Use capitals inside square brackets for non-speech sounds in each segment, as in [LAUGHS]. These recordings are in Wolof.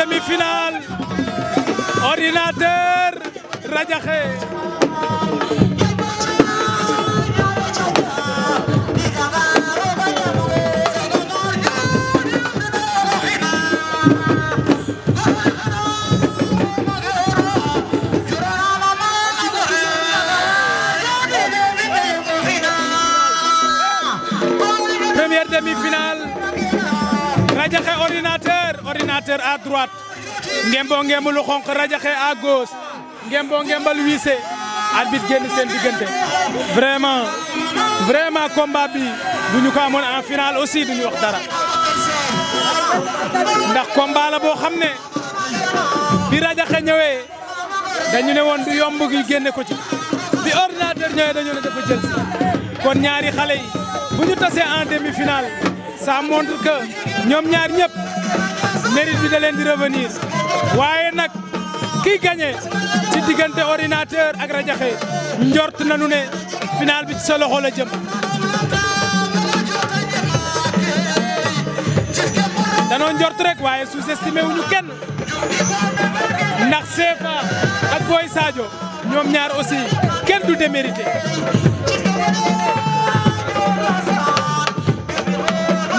demi-finale ordinateur Radiakhé première demi-finale Radiakhé ordinateur ordinateur à droite ngemboo ngemb lu xonq rajaxe à gauche ngemboo ngembal wiise arbitre génn seen diggante vraiment vraiment combat bi bu ñu ko amoon en finale aussi duñu wax dara ndax combat boo xam ne bi rajaxe ñëwee dañu ne woon du yomb gi génne ko ci bi ordinateur ñëwee dañu ne dafa jël kon ñaari xale yi bu ñu tase en demi-finale ça montre que ñoom ñaar ñëpp mérite bi da leen di revenir waaye nag kii gagné ci diggante ordinateur ak rajaxe njort nañu ne final bi ci sa loxo la jëm. danoo njort rek waaye sous-estimé wuñu kenn ndax CFA ak Boy ñoom ñaar aussi kenn du démérité.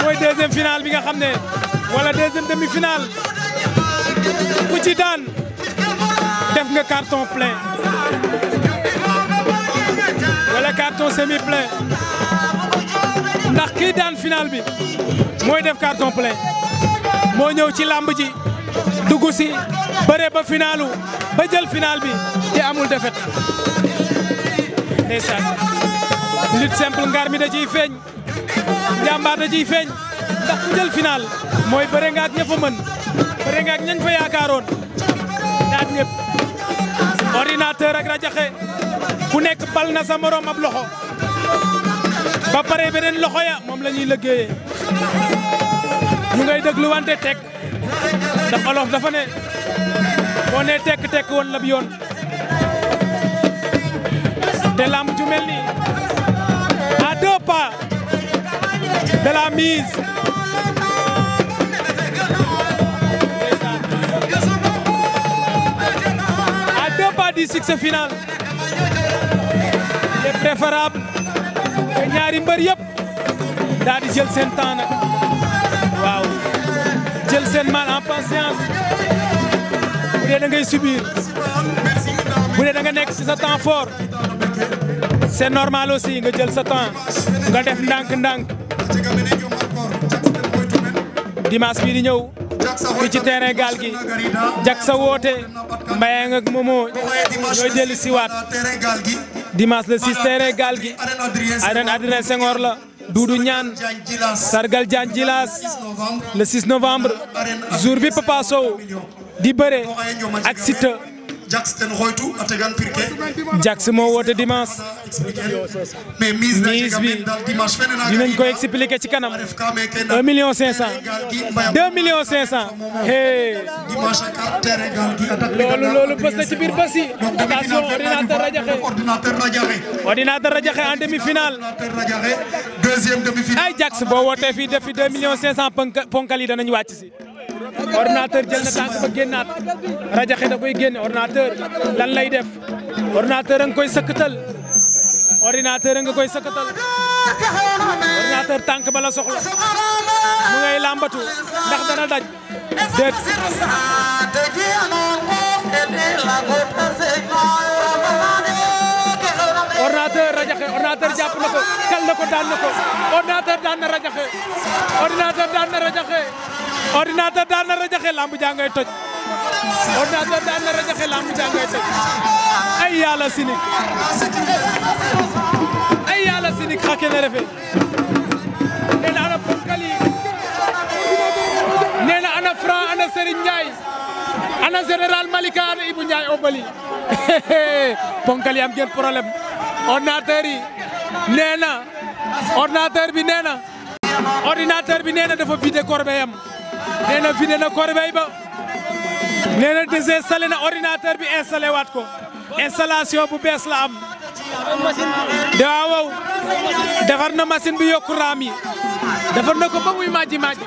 mooy deuxième finale bi nga xam ne. wala deuxième demi-finale ku ci daan def nga carton plein wala carton semi plein ndax kii daan final bi mooy def carton plein moo ñëw ci làmb ji dugg si bëre ba finalu ba jël final bi te amul defet ndeysaan lutte simple ngar mi da ciy feeñ njàmbaar da ciy feeñ ndax ku jël final mooy bëre nga ak ña fa mën bëre ñañ fa yaakaaroon daat ñëpp ordinateur ak rajaxe ku nekk bal na sa morom ab loxo ba pare beneen loxo ya moom lañuy ñuy liggéeyee ñu ngay déglu wante tek ndax olof dafa ne boo nee tekk tekk woon la bi yoon te lamb ju mel ni à deux du succès final c'est préférable que ñaari mbër yëpp daal di jël seen temps waaw jël seen mal en patience bu dee da ngay subir bu dee nga nekk si sa temps fort c'est normal aussi nga jël sa temps nga def ndànk-ndànk dimanche bii di ñëw fii gaal gi jak sa woote. Mbayang ak Momo ñoo jël siwaat dimanche le 6 terrain gaal gi arène Adrien la Doudou Niane Sargal Diagne Djilas le 6 novembre jour bi di bëre ak Siteu Jax moo woote dimanche mise bi dinañ ko expliquer ci kanam loolu loolu bës ci biir bës yi attention ordinateur Radiakhé ordinateur Radiakhé demi-finale ay Jax boo wootee fii def fi million 500 ponkal yi si. ordinateur jël na tànk ba génnaat rajaxe da koy génne ordinateur lan lay def ordinateur a nga koy sëkkatal ordinateur a nga koy sëkkatal tànk ba la soxla mu ngay làmbatu ndax rajaxe ordinateur jàpp na ko kal na ko daan na ko ordinateur daan daan na rajaxe ordinateur daan na rajaxe lamb jàngay toj ordinateur daan na rajaxe lamb jàngay toj ay yàlla sinik ay yàlla sinik xake na refe nee na ana ponkali ana Franc ana Serigne ana général Malika ana Ibou obali [LAUGHS] ponkali am ngeen problème ordinateur yi bi nee na bi nee na dafa vidé corbeille nee na fi nee na corbeille ba nee na na ordinateur bi installé waat ko installation bu bees la am waaw defar na machine bi yokku raam yi defar na ko ba muy maaji maaji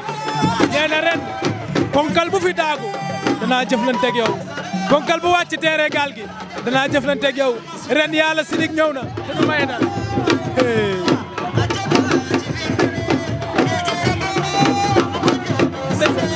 nee na ren ponkal bu fi daagu danaa jëflanteeg yow ponkal bu wàcc teere gaal gi danaa jëflanteeg yow ren yàlla sidik ñëw na te du may dal Thank you.